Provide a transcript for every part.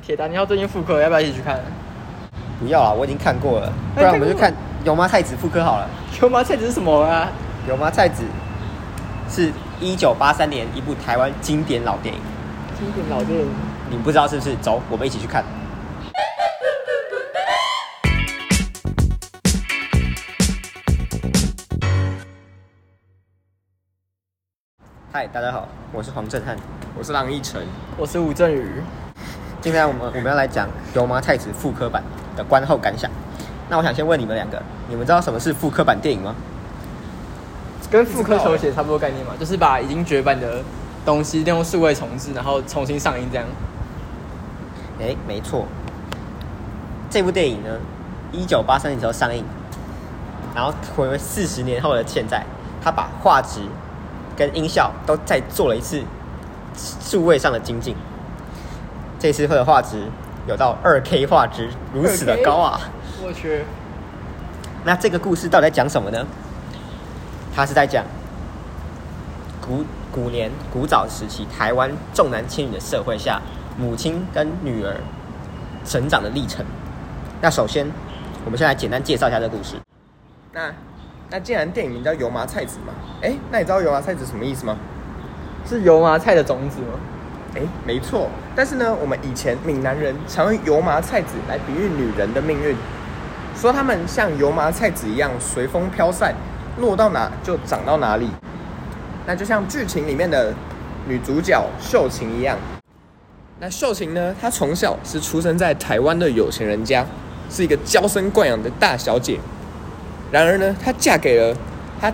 鐵達、欸，你要最近復刻，要不要一起去看？不要啦，我已經看過了。不然我們就看《油麻菜籽》復刻好了。油麻菜籽是什麼啊？油麻菜籽是一九八三年一部台灣經典老電影。經典老電影，你們不知道是不是？走，我們一起去看。嗨， Hi, 大家好，我是黃振漢，我是郎逸晨，我是吳振宇。今天我們我們要來講《油麻菜籽》復刻版的觀後感想。那我想先問你們兩個，你們知道什麼是復刻版電影嗎？跟復刻手寫差不多概念嘛，就是把已經絕版的東西用數位重製，然後重新上映這樣。哎、欸，沒錯。這部電影呢，一九八三年時候上映，然後回到四十年後的現在，他把畫質跟音效都再做了一次數位上的精進。這次畫的畫質有到二 K 畫質，如此的高啊！我去。那這個故事到底講什麼呢？他是在講古古年古早時期台灣重男輕女的社會下，母親跟女兒成長的歷程。那首先，我們先來簡單介紹一下這個故事。那那既然電影名叫油麻菜籽嘛，哎，那你知道油麻菜籽什麼意思嗎？是油麻菜的種子嗎？誒，沒錯，但是呢，我們以前閩南人常用油麻菜籽來比喻女人的命運，說她們像油麻菜籽一樣隨風飄散，落到哪就長到哪裡。那就像劇情裡面的女主角秀琴一樣。那秀琴呢，她從小是出生在台灣的有錢人家，是一個嬌生慣養的大小姐。然而呢，她嫁給了他，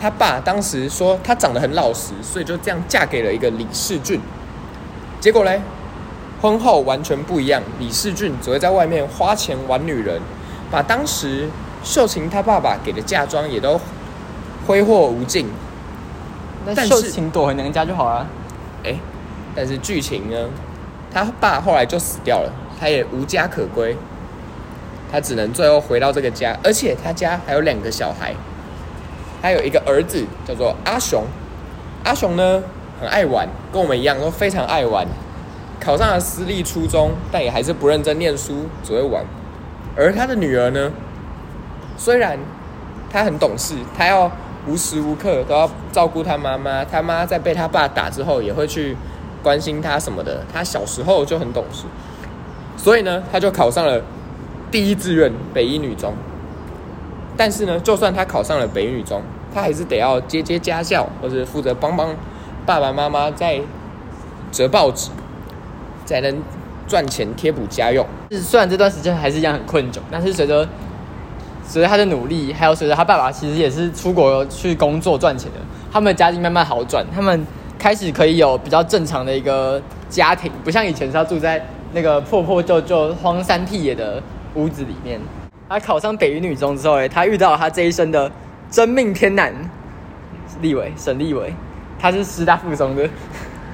她爸當時說她長得很老實，所以就這樣嫁給了一個李世俊。結果嘞，婚後完全不一樣。李世俊只會在外面花錢玩女人，把當時秀琴他爸爸給的嫁妝也都揮霍無盡。但秀琴躲回娘家就好了啊。誒，但是劇情呢，他爸後來就死掉了，他也無家可歸，他只能最後回到這個家，而且他家還有兩個小孩，還有一個兒子叫做阿雄。阿雄呢？很愛玩，跟我們一樣都非常愛玩。考上了私立初中，但也還是不認真念書，只會玩。而他的女兒呢，雖然他很懂事，他要無時無刻都要照顧他媽媽。他媽在被他爸打之後，也會去關心他什麼的。他小時候就很懂事，所以呢，他就考上了第一志願北一女中。但是呢，就算他考上了北一女中，他還是得要接接家教，或者負責幫幫。爸爸媽媽在折報紙，才能賺錢貼補家用。是雖然這段時間還是一樣很困窘，但是隨着隨着他的努力，還有隨着他爸爸其實也是出國去工作賺錢的，他們的家境慢慢好轉，他們開始可以有比較正常的一個家庭，不像以前是要住在那個破破舊舊荒山僻野的屋子裡面。他考上北一女中之後，哎，他遇到了他這一生的真命天男，立偉，沈立偉。他是師大附中的，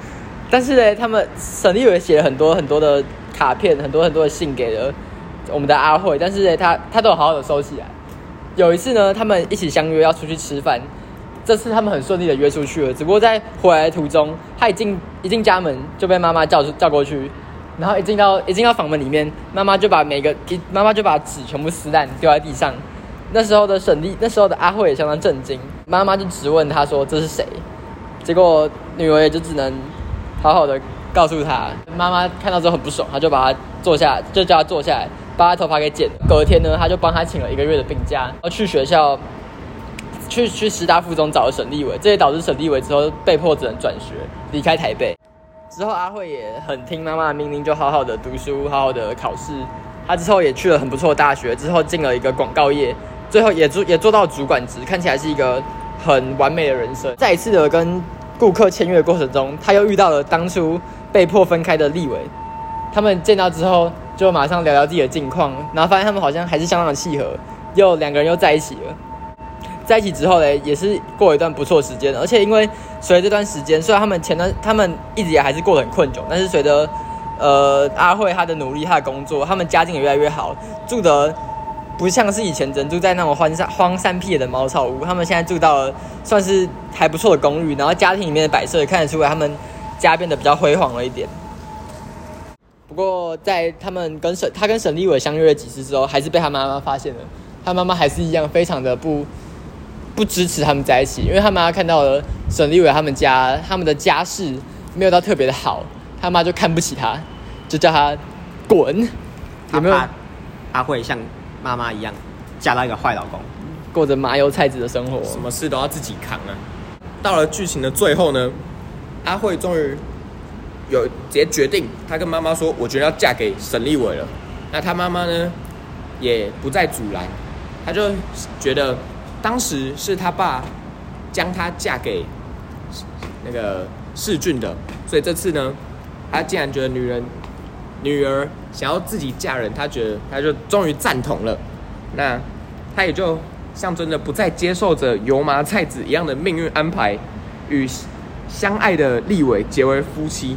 但是呢，他們省立有寫了很多很多的卡片，很多很多的信給了我們的阿慧，但是呢，他他都好好的收起來。有一次呢，他們一起相約要出去吃飯，這次他們很順利的約出去了。只不過在回來的途中，他一進一進家門就被媽媽叫出叫過去，然後一進到一進到房門裡面，媽媽就把每個媽媽就把紙全部撕爛丟在地上。那時候的沈麗那時候的阿慧也相當震驚，媽媽就直問他說：“這是誰？”結果女兒也就只能好好的告訴他，媽媽看到之後很不爽，他就把他坐下，就叫他坐下來，把他頭髮給剪了。隔天呢，他就幫他請了一個月的病假，然後去學校，去去師大附中找了沈立偉，這也導致沈立偉之後被迫只能轉學，離開台北。之後阿慧也很聽媽媽的命令，就好好的讀書，好好的考試。他之後也去了很不錯的大學，之後進了一個廣告業，最後也做也做到主管職，看起來是一個。很完美的人生。再一次的跟顧客簽約的過程中，他又遇到了當初被迫分開的利偉。他們見到之後，就馬上聊聊自己的近況，然後發現他們好像還是相當的契合，又兩個人又在一起了。在一起之後嘞，也是過了一段不錯時間。而且因為隨着這段時間，雖然他們前段他們一直也還是過得很困窘，但是隨着呃阿慧她的努力，她的工作，他們家境也越來越好，住的。不像是以前人住在那種荒山荒山僻野的茅草屋，他們現在住到了算是還不錯的公寓，然後家庭裡面的擺設也看得出來，他們家變得比較輝煌了一點。不過在他們跟沈他跟沈立偉相約了幾次之後，還是被他媽媽發現了。他媽媽還是一樣非常的不不支持他們在一起，因為他媽媽看到了沈立偉他們家他們的家世沒有到特別的好，他媽就看不起他，就叫他滾。有沒有？他會像。媽媽一樣，嫁了一個壞老公，過着麻油菜籽的生活，什麼事都要自己扛啊。到了劇情的最後呢，阿慧終於有直接決定，她跟媽媽說：“我覺得要嫁給沈立偉了。”那她媽媽呢，也不再阻攔，她就覺得當時是她爸將她嫁給那個世俊的，所以這次呢，她竟然覺得女人。女兒想要自己嫁人，她覺得她就終於贊同了，那她也就象徵著不再接受着油麻菜籽一樣的命運安排，與相愛的立偉結為夫妻。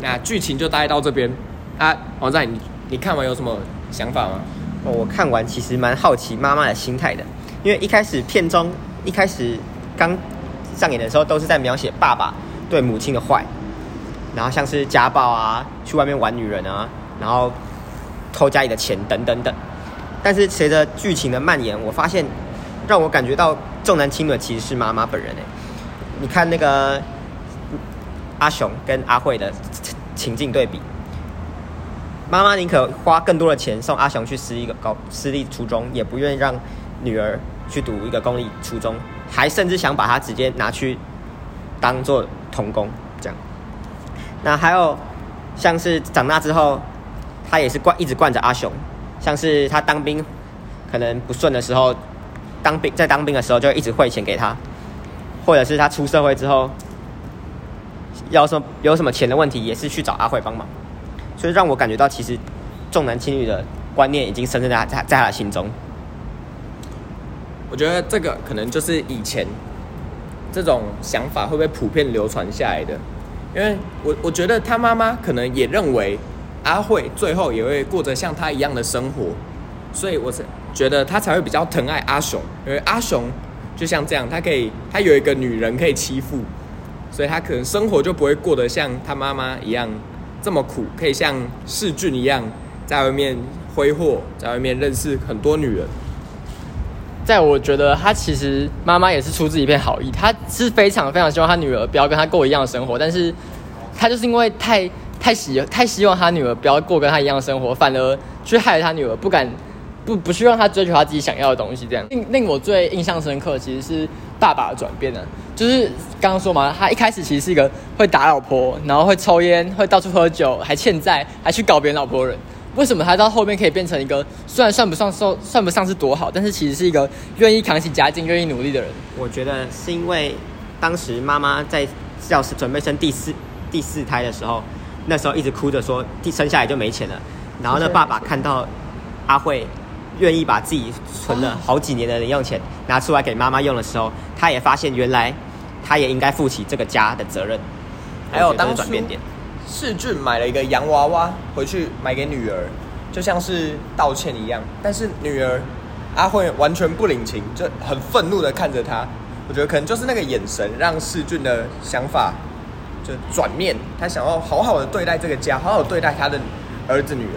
那劇情就大概到這邊。啊，黃仔，你你看完有什麼想法嗎？我看完其實蠻好奇媽媽的心態的，因為一開始片中一開始剛上演的時候，都是在描寫爸爸對母親的壞。然後像是家暴啊、去外面玩女人啊，然後偷家裡的錢等等等。但是隨着劇情的蔓延，我發現讓我感覺到重男輕女其實是媽媽本人哎。你看那個阿雄跟阿慧的情境對比，媽媽寧可花更多的錢送阿雄去私立高私立初中，也不願意讓女兒去讀一個公立初中，還甚至想把他直接拿去當做童工。那還有，像是長大之後，他也是慣一直慣着阿雄，像是他當兵可能不順的時候，當兵在當兵的時候就一直匯錢給他，或者是他出社會之後，要說有什麼錢的問題，也是去找阿慧幫忙，所以讓我感覺到其實重男輕女的觀念已經深深在在在他的心中。我覺得這個可能就是以前這種想法會不會普遍流傳下來的？因為我我覺得他媽媽可能也認為，阿慧最後也會過着像他一樣的生活，所以我是覺得他才會比較疼愛阿雄，因為阿雄就像這樣，他可以他有一個女人可以欺負，所以他可能生活就不會過得像他媽媽一樣這麼苦，可以像世俊一樣在外面揮霍，在外面認識很多女人。在我覺得，他其實媽媽也是出自一片好意，她是非常非常希望她女兒不要跟她過一樣的生活，但是她就是因為太太喜太希望她女兒不要過跟她一樣的生活，反而去害她女兒不敢不不去讓她追求她自己想要的東西。這樣令令我最印象深刻，其實是爸爸的轉變呢、啊，就是剛剛說嘛，他一開始其實是一個會打老婆，然後會抽煙，會到處喝酒，還欠債，還去搞別人老婆的人。為什麼他到後面可以變成一個雖然算不上受，算不上是多好，但是其實是一個願意扛起家境、願意努力的人？我覺得是因為當時媽媽在要準備生第四第四胎的時候，那時候一直哭着說，第生下來就沒錢了。然後呢，爸爸看到阿慧願意把自己存了好幾年的零用錢拿出來給媽媽用的時候，他也發現原來他也應該負起這個家的責任。還有當時的轉變點。世俊買了一個洋娃娃回去買給女兒，就像是道歉一樣，但是女兒阿慧完全不領情，就很憤怒的看着他。我覺得可能就是那個眼神，讓世俊的想法就轉變，他想要好好的對待這個家，好好的對待他的兒子女兒。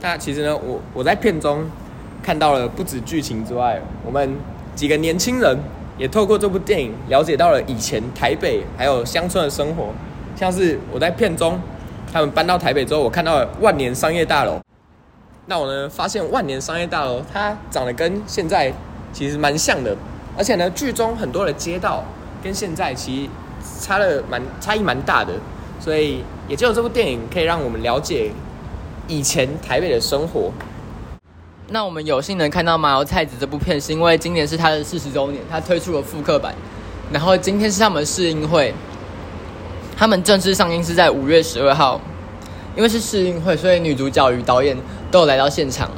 那其實呢，我我在片中看到了不止劇情之外，我們幾個年輕人也透過這部電影了解到了以前台北還有鄉村的生活。像是我在片中，他們搬到台北之後，我看到了萬年商業大樓。那我呢，發現萬年商業大樓它長得跟現在其實蠻像的，而且呢，劇中很多的街道跟現在其實差了蠻差異蠻大的，所以也只有這部電影可以讓我們了解以前台北的生活。那我們有幸能看到《油麻菜籽》這部片，是因為今年是他的四十周年，他推出了復刻版，然後今天是他們的試映會。他們正式上映是在五月十二號，因為是試映會，所以女主角與導演都有來到現場。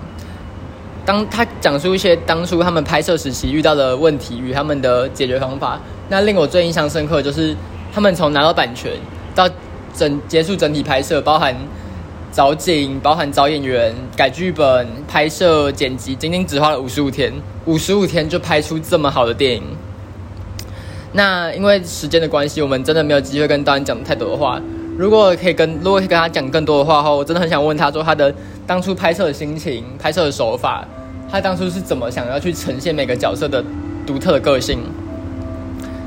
當他講述一些當初他們拍攝時期遇到的問題與他們的解決方法，那令我最印象深刻就是，他們從拿到版權到整結束整體拍攝，包含找景、包含找演員、改劇本、拍攝、剪輯，僅僅只花了五十五天，五十五天就拍出這麼好的電影。那因為時間的關係，我們真的沒有機會跟導演講太多的話。如果可以跟如果可以跟他講更多的話，我真的很想問他說他的當初拍攝的心情、拍攝的手法，他當初是怎麼想要去呈現每個角色的獨特的個性。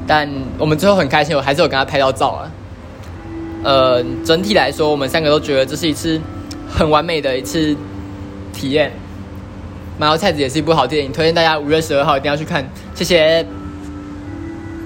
但我們最後很開心，我還是有跟他拍到照啊。呃，整體來說，我們三個都覺得這是一次很完美的一次體驗。《油麻菜籽》也是一部好電影，推薦大家五月十二號一定要去看。謝謝。